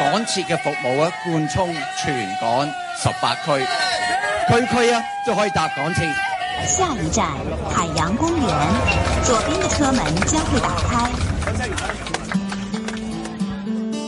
.港鐵嘅服務啊，貫通全港十八區，區區啊都可以搭港鐵。下一站。